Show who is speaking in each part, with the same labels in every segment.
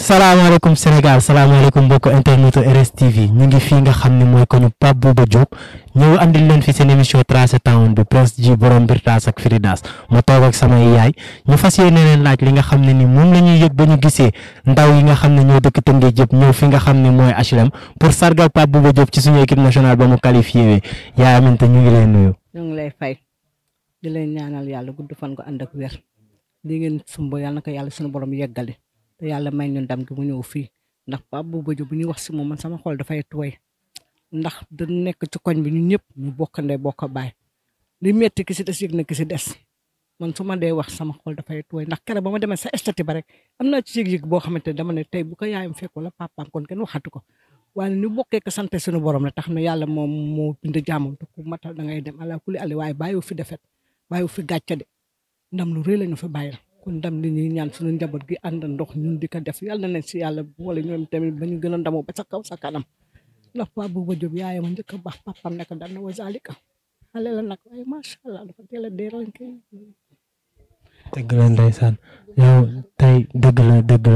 Speaker 1: salaamaaleykum Sénégal salaamaaleykum mbokk internet RSTV ñu ngi fi nga xam ne mooy ko ñu Pape Bouba Diop ñëw andil leen fi seen émission Trace Town bi Prince ji borom mbir taas ak Firdaas ma toog ak samay yaay ñu fas yéene leen laaj li nga xam ne ni moom la yëg ba ñu gisee ndaw yi nga xam ne ñoo dëkk Tëngéej ñëw fi nga xam ne mooy HLM pour sargal Pape Bouba Diop ci suñu équipe nationale ba mu qualifié wee yaay aminte ñu ngi leen nuyu.
Speaker 2: fay di leen ñaanal yàlla gudd fan ko ànd ak wér li ngeen sumb yàlla ko yàlla suñu borom yeggale te yàlla may ñu ndam gi mu ñëw fii ndax Pape Bouba Diop bu ñuy wax si moom man sama xol dafay tooy ndax da nekk ci koñ bi ñu ñëpp ñu bokk ndee bokk baay li metti ki si des yëg na ki si des man su ma dee wax sama xol dafay tooy ndax keroog ba ma demee sa estati ba rek am na ci yëg-yëg boo xamante ne dama ne tey bu ko yaayam fekk wala papaam kon kenn waxatu ko waaye ñu bokkee ko sant suñu borom la tax na yàlla moom moo bind jaamam te ku matal da ngay dem ala kulli àlli waaye bàyyiwu fi defet bàyyiwu fi gàcce de ndam lu rëy la ñu fi bàyyil kon ndam li ñuy ñaan suñu njaboot gi ànd ndox ñun di ka def yàlla nañ si yàlla boole ñoom tamit ba ñu gën a ndamoo ba sa kaw sa kanam ndax Paa Bouba Diop yaayam njëkk a baax papaam na wasalika xale la nag waaye macha allah dafa teel a dee lañ koy.
Speaker 1: dëgg la ndeysaan yow tey dëgg la dëgg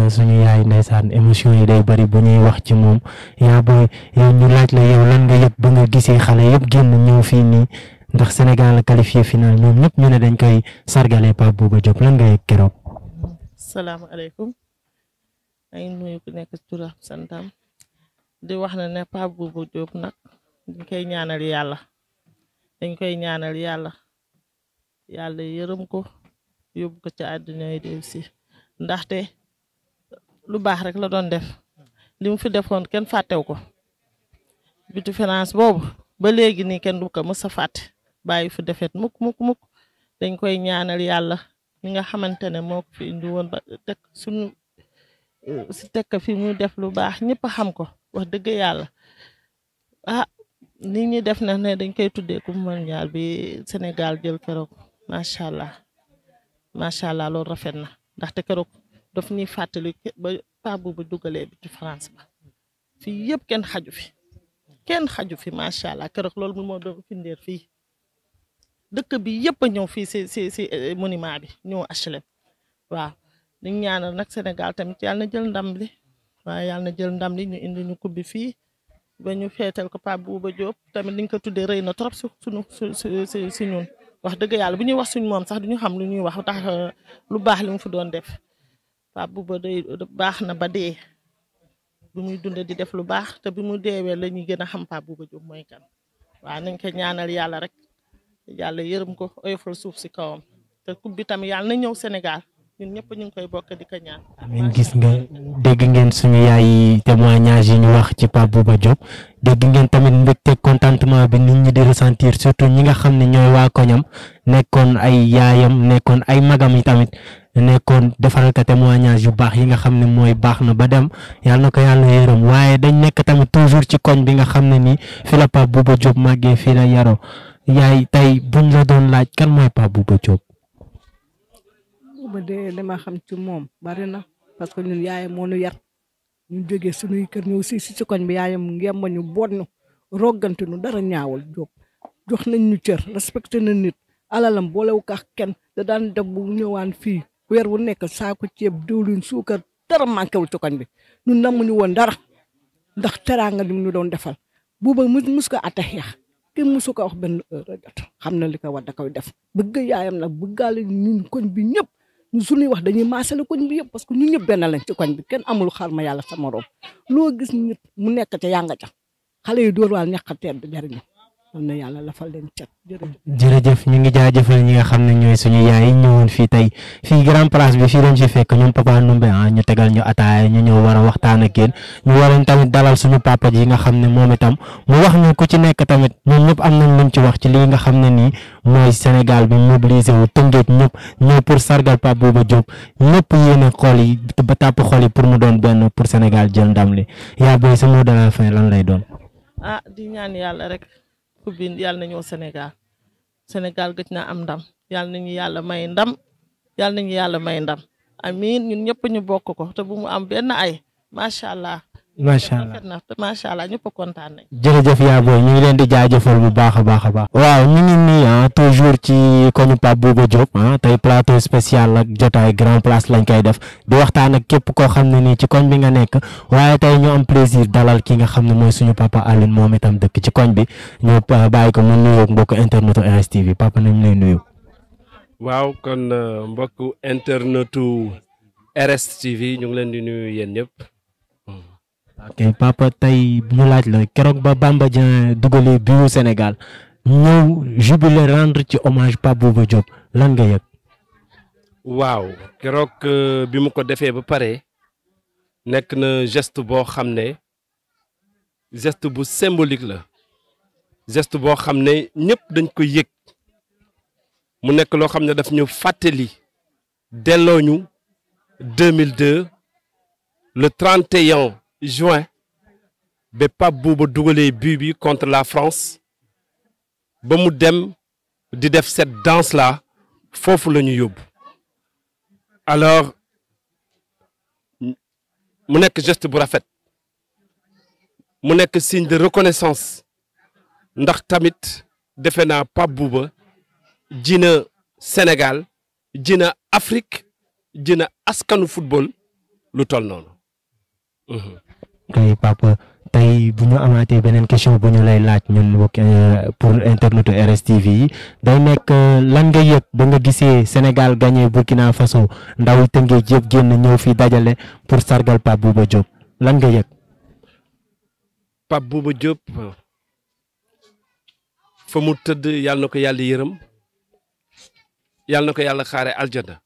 Speaker 1: émission yi day bari bu ñuy wax ci moom yaa booy yow ñu laaj la yow lan nga ba nga gisee xale yëpp génn ñëw fii nii ndax Sénégal qualifié final ñoom ñëpp ñu ne dañ koy sargalee Pape Bouba Diop lan nga yëg keroog.
Speaker 3: salaamaaleykum maa nekk turam santam di wax na ne Pape Bouba Diop nag dañ koy ñaanal yàlla dañ koy ñaanal yàlla yàlla yërëm ko yóbbu ko ca àdduna yi dem si ndaxte lu baax rek la doon def li mu fi defoon kenn fàttew ko bitu finance boobu ba léegi ni kenn du ko mës a bàyyi fu defet mukk mukk mukk dañ koy ñaanal yàlla mi nga xamante ne moo ko fi indi woon ba teg suñu si tekk fi mu def lu baax ñëpp xam ko wax dëgg yàlla ah ni ñi def na ne dañ koy tuddee coupe mondial bi Sénégal jël keroog macha allah macha allah loolu rafet na ndaxte keroog daf ñuy fàttali ba paa boobu dugalee bi ci France ba fii yëpp kenn xaju fi kenn xaju fi macha allah keroog loolu moo doon findeer fii. dëkk bi yëpp a ñëw fii si si si eh, monument bi ñëw HLM waaw ñu ñaanal nag Sénégal tamit yàlla na jël ndam li waaw yàlla na jël ndam li ñu indi ñu kubbi fii ba ñu feetal ko Pape Bouba Diop tamit liñ ko tuddee rëy na trop si suñu si ñun wax dëgg yàlla bu ñuy wax suñ moom sax du ñu xam lu ñuy wax tax euh, lu baax li mu fi doon def Pape Bouba day baax na ba dee bu muy dunde di def lu baax te bi mu deewee la ñuy gën a xam Pape Bouba Diop mooy kan waaw nañ ko ñaanal yàlla rek. yàlla yërëm ko oyofal suuf si kawam te coupe bi tamit yàlla na ñëw senegal ñun ñëpp ñu ngi koy bokk di ko ñaan. amiin gis nga
Speaker 1: dégg ngeen suñu yaay yi témoignage yi ñu wax ci Pape Bouba Diop dégg ngeen tamit mbégte contentement bi nit ñi di ressentir surtout ñi nga xam ne ñooy waa koñam nekkoon ay yaayam nekkoon ay magam yi tamit. nekkoon defaral ko témoignage yu baax yi nga xam ne mooy baax na ba dem yàlla na ko yàlla yërëm waaye dañ nekk tamit toujours ci koñ bi nga xam ne nii fi la Pape Bouba Diop màggee fii la yaroo yaay tey buñ la doon laaj kan mooy Pape Bouba Diop.
Speaker 2: Bouba de dama xam ci moom bari na parce que ñun yaayam moo ñu yar ñu jógee suñuy kër ñëw si si koñ bi yaayam ngem ma ñu boot ñu roggante ñu dara ñaawul Diop jox nañ ñu cër respecté na nit alalam boolewu kax kenn da daan def bu ñëwaan fii weer wu nekk saaku ceeb diwlin suukar dara manqué wul ci koñ bi ñun namuñu woon dara ndax teraanga di mu ñu doon defal Bouba mus ko attax yax kenn mësu ko wax benn heure regret xam na li ko war da koy def bëgg yaayam nag bëggaale ñun koñ bi ñëpp suñuy wax dañuy maasale koñ bi yëpp parce que ñun ñëpp benn lañ ci koñ bi kenn amul xar ma yàlla sama morom loo gis nit mu nekk ca yaa nga ca xale yi dóor waal ñàkk a tedd jariñu am na yàlla lafal leen
Speaker 1: ñu ngi jaajëfal ñi nga xam ne ñooy suñu yaay ñëwoon fii tey fii grand place bi fii lañ si fekk ñu papa Ndumbe ah ñu tegal ñu ataaya ñu ñëw war a waxtaan ak yéen ñu war leen tamit dalal suñu papa ji nga xam ne moom itam mu wax ñu ko ci nekk tamit ñoom ñëpp am nañ luñ ci wax ci lii nga xam ne nii mooy Sénégal bi mobilisé wu tëngeet ñëpp ñëw pour sargal bu Bouba Diop ñëpp yéene xool yi ba tàpp xool yi pour mu doon benn pour Sénégal jël ndam li yaa booy sa mot de la fin lan lay doon.
Speaker 3: Ah, coupe bi yàlla na ñëw Sénégal Sénégal gëj na am ndam yàlla nañu yàlla may ndam yàlla nañu yàlla may ndam amiin ñun ñëpp ñu bokk ko te bu mu am benn ay macha allah. macha allah macha allah ñëpp kontaan
Speaker 1: jërëjëf yaa booy ñu ngi leen di jaajëfal bu baax a baax a baax. waaw ñu ngi nii ah, toujours ci koñu Pape Bouba Diop ah tey plateau spécial ak jotaay grand place lañ koy def di waxtaan ak képp koo xam ne nii ci koñ bi nga nekk waaye tey ñu am plaisir dalal ki nga xam ne mooy suñu papa Alioune moom itam dëkk ci koñ bi ñu ah, bàyyi ko mu nuyoog mbokku internetu RSTV papa nañ lay nuyu.
Speaker 4: waaw kon euh, mbokku internetu RSTV ñu ngi leen di nuyu yéen ñëpp.
Speaker 1: ok papa tey ñu laaj la keroog ba Bamba Dieng dugalee biiru Sénégal ñëw jubilé rendre ci hommage Pape Bouba Diop lan nga yëg.
Speaker 4: waaw keroog euh, bi mu ko defee ba pare nekk na geste boo xam ne geste bu symbolique la geste boo xam ne ñëpp dañ ko yëg mu nekk loo xam ne daf ñu fàttali delloo ñu 2002 le 31. juin ba Pape Bouba dugalee but bi contre la France ba mu dem di def set danse là foofu la ñu yóbbu alors mu nekk geste bu rafet mu nekk signe de reconnaissance ndax tamit defe naa Pape Bouba ji na Sénégal ji na Afrique ji na askanu football lu toll noonu. tey
Speaker 1: mm-hmm. papa tey bu ñu amaatee beneen question bu ñu lay laaj ñun mbokk euh, pour internetu RSTV yi day nekk euh, lan nga yëg ba nga gisee Sénégal gagné Burkina Faso ndaw Tëngéej yëpp génn ñëw fi dajale pour sargal Pape Bouba Diop lan nga yëg.
Speaker 4: Pape Bouba Diop fa mu tëdd yàlla na ko yàlla yërëm yàlla na ko yàlla xaare aljana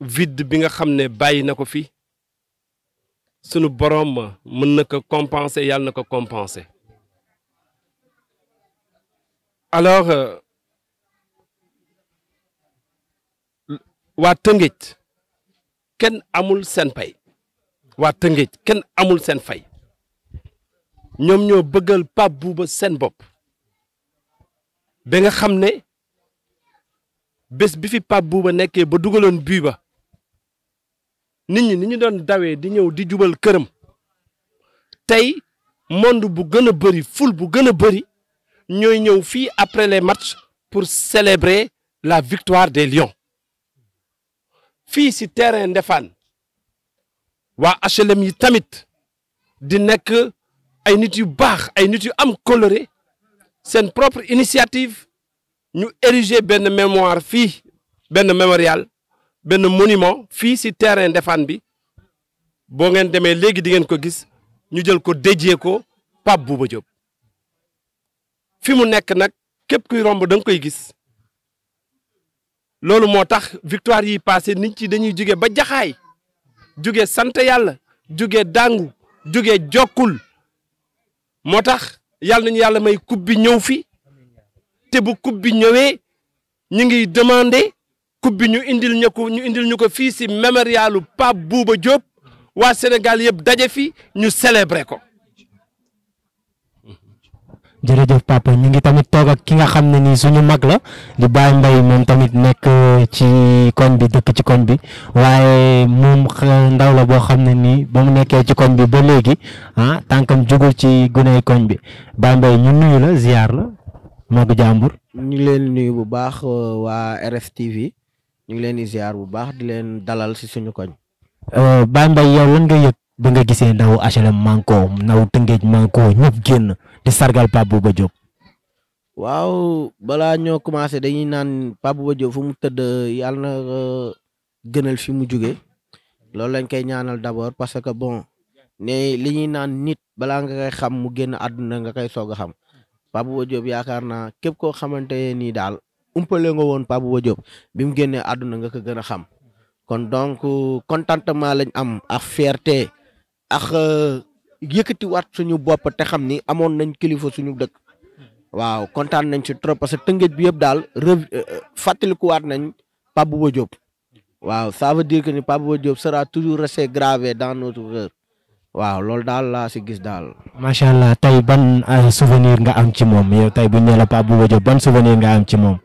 Speaker 4: vide bi nga xam ne bàyyi na ko fi. sunu borom ma mën na ko compenser yàlla na ko compenser alors euh, waa Tëngéej kenn amul seen pay waa Tëngéej kenn amul seen fay ñoom ñoo bëggal Pape Bouba seen bopp ba nga xam ne bés bi fi Pape Bouba nekkee ba dugaloon bii ba nit ñi ni ñu doon dawee di ñëw di jubal këram tey monde bu gën a bëri foule bu gën a bëri ñooy ñëw fii après les matchs pour célébrer la victoire des Lions fii si terrain Ndefane waa HLM yi tamit di nekk ay nit yu baax ay nit yu am coloré seen propre initiative ñu ériger benn mémoire fii benn mémorial benn monument fii si terrain Ndefane bi boo ngeen demee léegi di ngeen ko gis ñu jël ko déjee ko Pape Bouba Diop fi mu nekk nag képp kuy romb danga koy gis loolu moo tax victoire yi passé nit ci dañuy jóge ba jaxaay jóge sant yàlla jóge dàngu jóge jokkul moo tax yàlla nañu yàlla may coupe bi ñëw fi te bu coupe bi ñëwee ñu ngiy demande coupe bi ñu indil ñu ko ñu indil ñu ko fii si mémorialu Pape Bouba Diop waa Sénégal yëpp daje fi ñu célébrer ko.
Speaker 1: jërëjëf papa ñu ngi tamit toog ak ki nga xam ne nii suñu mag la di Baye Mbaye moom tamit nekk euh, ci koñ bi dëkk ci koñ bi waaye moom ndaw la boo xam ne nii ba mu nekkee ci koñ bi ba léegi ah, tànkam jugul ci guney koñ bi Baye Mbaye ñu nuyu la ziar la magu jàmbur.
Speaker 5: ñu leen nuyu bu baax euh, waa RFTV ñu ngi leen di bu baax di leen dalal si suñu koñ.
Speaker 1: Euh, Baye Mbaye yow lan nga yëg ba nga gisee ndaw HLM manko ndaw Tëngéej manko ñëpp génn di sargal Pape ba Diop.
Speaker 5: waaw balaa ñoo commencé dañuy naan Pape Bouba Diop fu mu tëdd yàlla na euh, gënal fi mu jugee loolu lañ koy ñaanal d'abord parce que bon ne li ñuy naan nit balaa nga koy xam mu génn àdduna nga koy soog a xam Pape Bouba Diop yaakaar naa képp koo xamante nii daal umpale nga woon Pape Bouba Diop bi mu génnee àdduna nga ko gën a xam kon donc contentement lañ am ak fierté ak euh, yëkkatiwaat suñu bopp te xam ni amoon nañ kilifa suñu dëkk waaw kontaan nañ ci trop parce que tëngeet bi yëpp daal rev euh, euh, waat nañ Pape Bouba Diop waaw ça veut dire que ni Pape Bouba Diop sera toujours resté gravé dans notre cœur waaw loolu daal laa si gis daal.
Speaker 1: macha allah tey ban souvenir nga am ci moom yow tey bu ñu nee la Pape Bouba moom.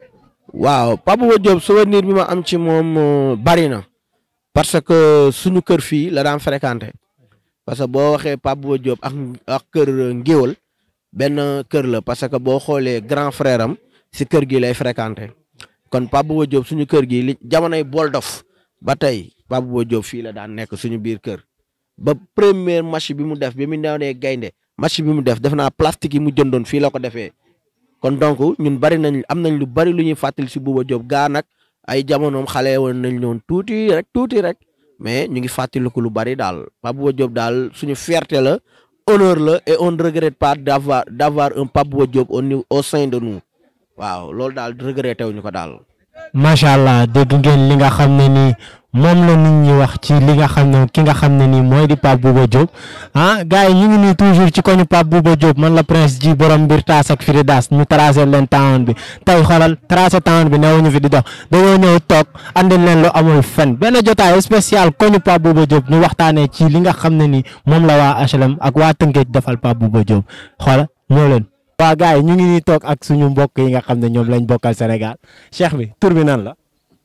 Speaker 5: waaw Pape Bouba Diop niir bi ma am ci moom euh, bari na parce que suñu kër fii la daan fréquenté parce que boo waxee Pape Bouba Diop ak ak kër euh, ngéwal benn kër la parce que boo xoolee grand frère si kër gi lay fréquenté kon Pape Bouba Diop suñu kër gi li jamonoy bool dof ba tey Pape Bouba Diop fii la daan nekk suñu biir kër ba première match bi mu def bi mu néew gaynde match bi mu def def naa plastique yi mu jëndoon fii la ko defee kon donc ñun bari nañ am nañ lu bari lu ñuy fàttali si Bouba Diop gaa nag ay jamonoom xale woon nañ ñoon tuuti rek tuuti rek mais ñu ngi fàttaliku lu bari daal Pape Bouba Diop daal suñu fierté la honneur la et on ne regrette pas d'avoir d'avoir un Pape Bouba Diop au niveau au sein de nous waaw loolu daal regretté wuñu ko daal.
Speaker 1: macha allah dégg ngeen li nga xam ne nii moom la nit ñi wax ci li nga xam ne ki nga xam ne nii mooy di Pape Bouba Diop ah gars yi ñu ngi nii toujours ci koñu Pape Bouba Diop man la prince ji borom mbir taas ak Firidaas ñu tracé leen town bi tey xoolal tracé town bi newuñu fi di dox dañoo ñëw toog andi leen lu amul fen benn jotaay spécial koñu Pape Bouba Diop ñu waxtaanee ci li nga xam ne nii moom la waa HLM ak waa Tëngéej defal Pape Bouba Diop xoolal ñoo leen. waa gars yi ñu ngi nii toog ak suñu mbokk yi nga xam ne ñoom lañ bokkal Sénégal cheikh bi tur bi nan la.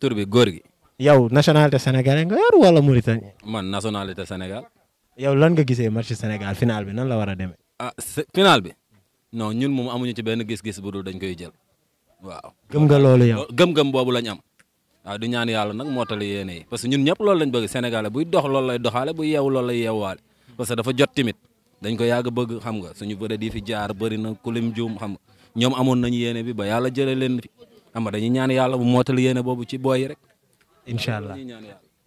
Speaker 4: tur góor gi.
Speaker 1: yow nationalité sénégalais nga yor wala Mauritanie.
Speaker 4: man nationalité Sénégal.
Speaker 1: yow lan nga gisee marché Sénégal final bi nan la war a demee.
Speaker 4: ah final bi non ñun moom amuñu ci benn gis-gis bu dul dañ koy jël waaw. gëm nga loolu yow gam gëm boobu lañ am. waaw du ñaan yàlla nag mootal tali yéene yi parce que ñun ñëpp loolu lañ bëgg Sénégalais buy dox loolu lay doxaale buy yeewu loolu lay yeewaale parce que dafa jot timit dañ ko yàgg bëgg xam nga suñu bëre di fi jaar bëri na kulim juum xam nga ñoom amoon nañu yéene bi ba yàlla jëlee leen fi xam nga dañuy ñaan yàlla bu mootali yéene boobu ci booy rek incha allah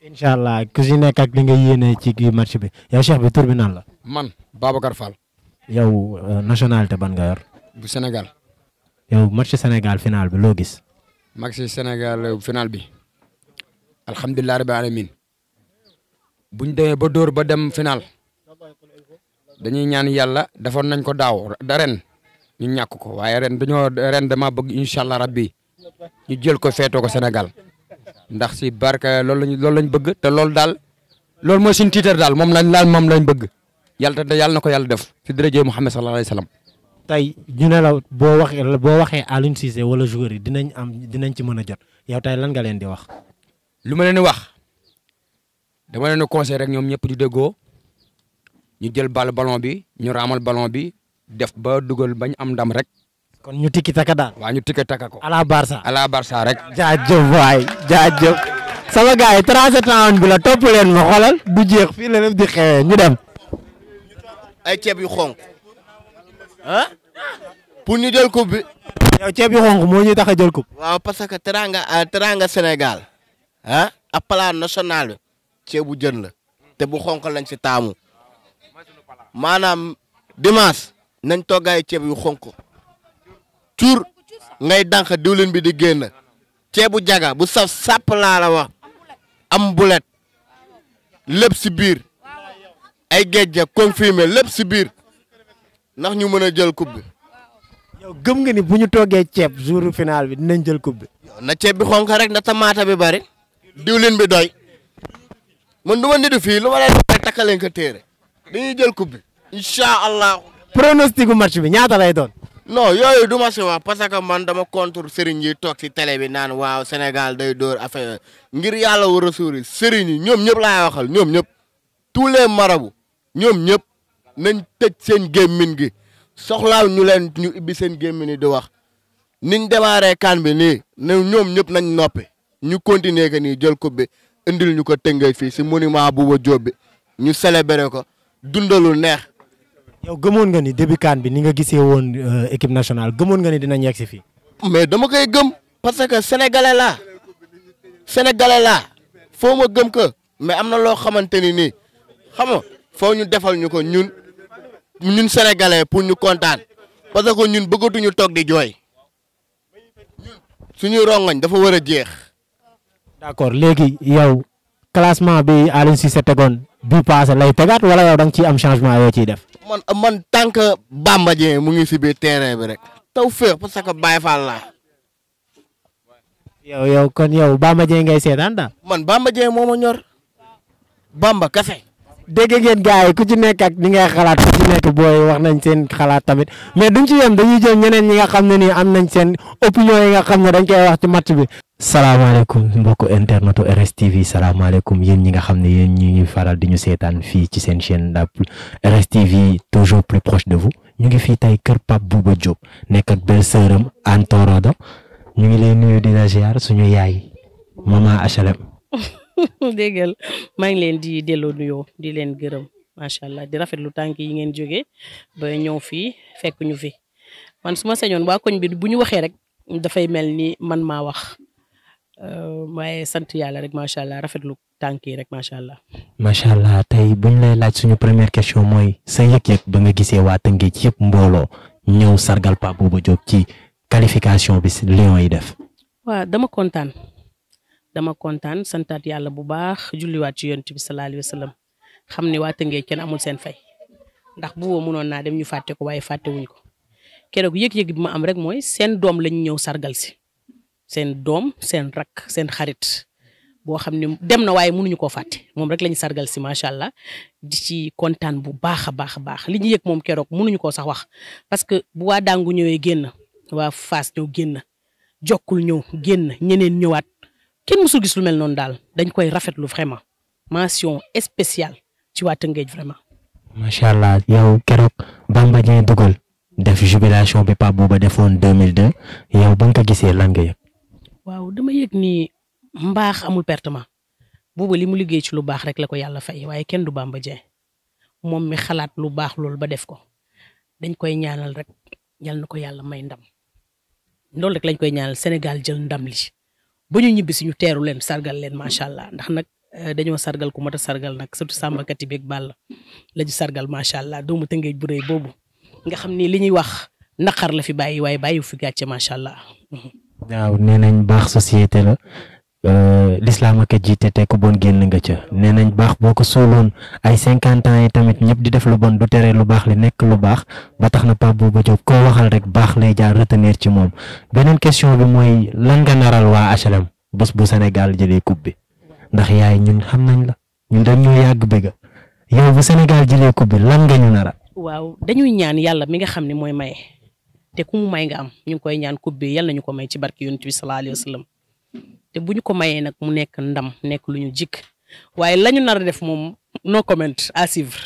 Speaker 1: incha allah ku si nekk ak li nga yéene ci kii match bi yow cheikh bi tur la.
Speaker 4: man Babacar Fall.
Speaker 1: yow euh, nationalité ban
Speaker 6: nga bu Sénégal.
Speaker 1: yow match Sénégal final bi loo gis.
Speaker 6: match Sénégal euh, final bi. alhamdulilah rabbi alamin bu ñu ba dóor ba dem final dañuy ñaan yàlla defoon nañ ko daaw da ren ñu ñàkk ko waaye ren dañoo ren dama bëgg incha allah rabbi ñu jël ko feetoo ko senegal ndax si barke loolu lañ loolu lañ bëgg te loolu daal loolu mooy suñu tiitar daal moom lañ laal moom lañ bëgg yàlla te yàlla ko yàlla def si dërëjee Mouhamed sallallahu alayhi wa sallam.
Speaker 1: tey ñu ne la boo waxee boo waxee Aliou Cissé wala joueur yi dinañ am dinañ ci mën a jot yow
Speaker 6: tey lan nga leen di wax. lu ma leen di wax dama leen di conseil rek ñoom ñëpp ñu déggoo ñu jël bal ballon bi ñu raamal ballon bi def ba dugal bañ am ndam rek kon ñu tiki taka daal. waaw ñu tikki taka ko. ala Barça ala Barça rek. jaajëf waay jaajëf. sama gars yi tracé temps bi la topp leen ma xoolal du jeex fii la
Speaker 1: lépp di xewee ñu dem.
Speaker 6: ay ceeb yu xonk. ah. pour ñu jël coupe bi.
Speaker 1: yow ceeb yu xonk moo ñu tax a jël coupe.
Speaker 6: waaw parce que teranga euh, teranga Sénégal. ah ak plat national bi. jën la. lañ si taamu. maanaam dimanche. ceeb yu xonk. cuur ngay dànq diwlin bi di génn ceebu jaga bu saf sàpp laa la wax am bulet lépp si biir ay géej confirmé lépp si biir ndax ñu mën a jël kub bi. gëm nga ni bu ñu toogee ceeb jour final bi dinañ jël coupe bi. na ceeb bi xonk rek na tamaata bi bari diwlin bi doy mën du ma nitu fii lu ma leen doon takkaleen téere dañuy jël coupe bi. incha allah.
Speaker 1: pronostic match bi ñaata lay doon.
Speaker 6: non yooyu du ma si wax parce que man dama contre sëriñ yi toog si télé bi naan waaw Sénégal day door affaire ngir yàlla war a suuri sëriñ yi ñoom ñëpp laay waxal ñoom ñëpp tous les marabouts ñoom ñëpp nañ tëj seen gémmin gi soxlaaw ñu leen ñu ibbi seen gémmin yi di wax niñ démarré kan bi nii ñoom ñëpp nañ noppi ñu continuer que nii jël coupe bi indil ñu ko tëngee fii si monument Bouba Diop bi ñu célébrer ko dundalu neex
Speaker 1: yow gëmoon nga ni début CAN bi ni nga gisee woon euh, équipe nationale gëmoon nga ni dina yegg si fii.
Speaker 6: mais dama koy gëm. parce que sénégalais laa sénégalais laa foo gëm ko mais am na loo xamante ni nii xam nga foo ñu defal ñu ko ñun ñun sénégalais pour ñu kontaan parce que ñun bëggatuñu toog di jooy suñu rongoñ dafa war a jeex.
Speaker 1: d'accord léegi yow classement bi Aliou Cissé tegoon bi passé lay tegaat wala yow da nga ciy am changement yoo ciy def.
Speaker 6: man man tant que Bamba Dieng mu ngi si biir terrain bi rek. taw féex parce que Baye Fall laa.
Speaker 1: yow yow kon yow Bamba Dieng ngay seetaan daal.
Speaker 6: man Bamba Dieng moo ma ñor. Bamba kase
Speaker 1: dégg ngeen gaa yi ku ci nekk ak ni ngay xalaat ku ci nekk booy wax nañ seen xalaat tamit mais duñ ci yem dañuy jël ñeneen ñi nga xam ne nii am nañ seen opinion yi nga xam ne dañ koy wax ci match bi. salaamaaleykum mbokku internetu RSTV salaamaaleykum yéen ñi nga xam ne yéen ñi ñuy faral di ñu seetaan fii ci seen chaîne la RSTV toujours plus proche de vous ñu ngi fii tey kër Pape Bouba Diop nekk ak belle sœuram Anne Torodo ñu ngi leen nuyu di la suñu yaay maman HLM.
Speaker 7: déggal maa ngi leen di delloo nuyoo di leen gërëm macha allah di rafetlu tànk yi ngeen jógee ba ñëw fii fekk ñu fi man su ma sañoon waa koñ bi bu ñu waxee rek dafay mel ni man maa wax euh, waaye sant yàlla rek macha allah rafetlu tànk yi rek macha allah.
Speaker 1: macha allah tey bu ñu lay laaj suñu première question mooy sa yëg-yëg ba nga gisee waa Tëngéej yëpp mbooloo ñëw sargal Pape ba jóg ci qualification bi Lions yi def.
Speaker 7: waaw dama kontaan dama kontaan santaat yàlla bu baax julliwaat ci yonent bi sallallahu alayhi wa sallam xam ne waa Tëngéej kenn amul seen fay ndax bu boo mënoon naa dem ñu fàtte ko waaye fàtte wuñ ko keroog yëg-yëg bi ma am rek mooy seen doom lañ ñëw sargal si seen doom seen rakk seen xarit boo xam ne dem na waaye mënuñu koo fàtte moom rek lañu sargal si macha allah di si kontaan bu baax a baax a baax li ñu yëg moom keroog mënuñu koo sax wax parce que bu waa dàngu ñëwee génn waa Fass ñëw génn jokkul ñëw kenn mësul gis lu mel noonu daal dañ koy rafetlu vraiment mention espécial ci waa Tëngéej vraiment.
Speaker 1: macha allah yow keroog Bamba Dieng dugal def jubilation bi Pape Bouba defoon 2002 yow ba nga ko gisee lan nga
Speaker 7: waaw dama yëg ni mbaax amul pertement booba li mu liggéey ci lu baax rek la ko yàlla fay waaye kenn du Bamba Dieng moom mi xalaat lu baax loolu ba def ko dañ koy ñaanal rek yal na ko yàlla may ndam loolu rek lañ koy ñaanal Sénégal jël ndam li ba ñu ñibbi si ñu teeru leen sargal leen macha allah ndax nag eh, dañoo sargal ku mat sargal nag surtout sàmbakat yi beeg Balla la ñu sargal macha allah doomu tëngeej bu rëy boobu nga xam ni li ñuy wax naqar la fi bàyyi waaye bàyyiwu fi gàcce macha allah.
Speaker 1: waaw nee nañ baax société la Euh, lislaam ak a jiite te ku bon génn nga ca nee nañ baax boo ko suuloon ay cinquante ans yi tamit ñëpp di def lu bon du tere lu baax li nekk lu baax ba tax na Pape Bouba Diop koo waxal rek baax lay jaar retenir ci moom beneen question bi mooy lan nga naral waa HLM bés bu senegal jëlee coupe bi ndax yaay ñun xam nañ la ñun dañ ñoo yàgg bëgg yow bu Sénégal jëlee coupe bi lan nga ñu naral.
Speaker 7: waaw dañuy ñaan yàlla mi nga xam ne mooy maye te ku mu may nga am ñu ngi koy ñaan coupe bi yàlla ñu ko may ci barki yonent bi te bu ñu ko mayee nag mu nekk ndam nekk lu ñu jikk waaye lañu nar a def moom no comment à suivre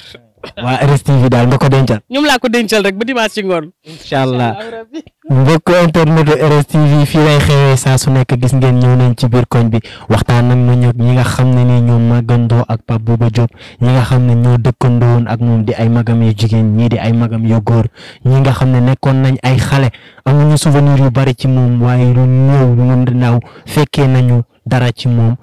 Speaker 1: waa RSTV daal nga ko dencal.
Speaker 7: ñoom laa ko dencal rek ba dimanche ci ngoon. incha allah
Speaker 1: mbokk internet RSTV fii lay xewee saa su nekk gis ngeen ñëw nañ ci biir koñ bi waxtaan nag nañu ñi nga xam ne ni ñoo màggandoo ak Pape Bouba Diop ñi nga xam ne ñoo dëkkandoo woon ak moom di ay magam yu jigéen ñii di ay magam yu góor ñi nga xam ne nekkoon nañ ay xale amuñu souvenir yu ci moom waaye lu ñëw naaw fekkee nañu dara ci moom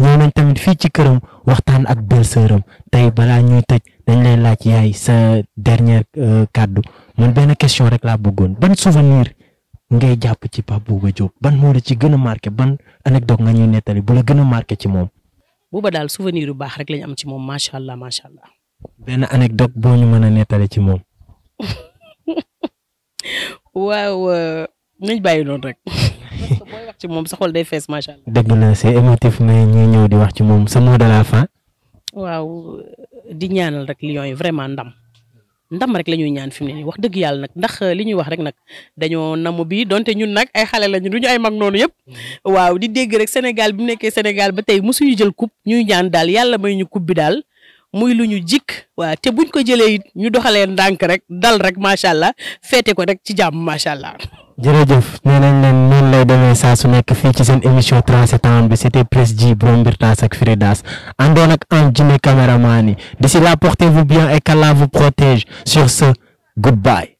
Speaker 1: ñëw nañ tamit fii ci këram waxtaan ak belle tey balaa ñuy tëj. dañ lay laaj yaay sa dernier euh, kàddu moom benn question rek laa bëggoon ban souvenir ngay jàpp ci Pape Bouba Diop ban moo la ci gën a marqué ban anecdote nga ñuy nettali bu la gën a ci moom.
Speaker 7: Bouba daal souvenir yu baax rek lañ am ci moom macha allah macha allah.
Speaker 1: benn anecdote boo ñu mën a nettali ci moom.
Speaker 7: waaw euh, nañ bàyyi noonu rek. booy wax ci moom sa xol day fees macha allah.
Speaker 1: dëgg la c'est émotif mais ñëw di wax ci moom sa mot de la
Speaker 7: di ñaanal rek Lions yi vraiment ndam ndam rek la ñuy ñaan fi ne nii wax dëgg yàlla nag ndax euh, li ñuy wax rek nag dañoo namu bi donte ñun nag ay xale lañu du ñu ay mag noonu yëpp mm-hmm. waaw di dégg rek Sénégal bi mu nekkee Sénégal ba tey mosuñu jël coupe ñuy ñaan daal yàlla may ñu coupe bi daal muy lu ñu jik waaw te buñ ko jëlee it ñu doxaleen ndànk rek dal rek macha allah féete ko rek ci jàmm macha allah.
Speaker 1: jërëjëf nee nañ leen noonu lay demee saa su nekk fii ci seen émission tracé temps bi c'était Pres'J borom Mbirtaas ak Firdaas àndoon ak An Djine caméraman yi d'ici là portez-vous bien et qu'Allah vous protège sur ce goodbye.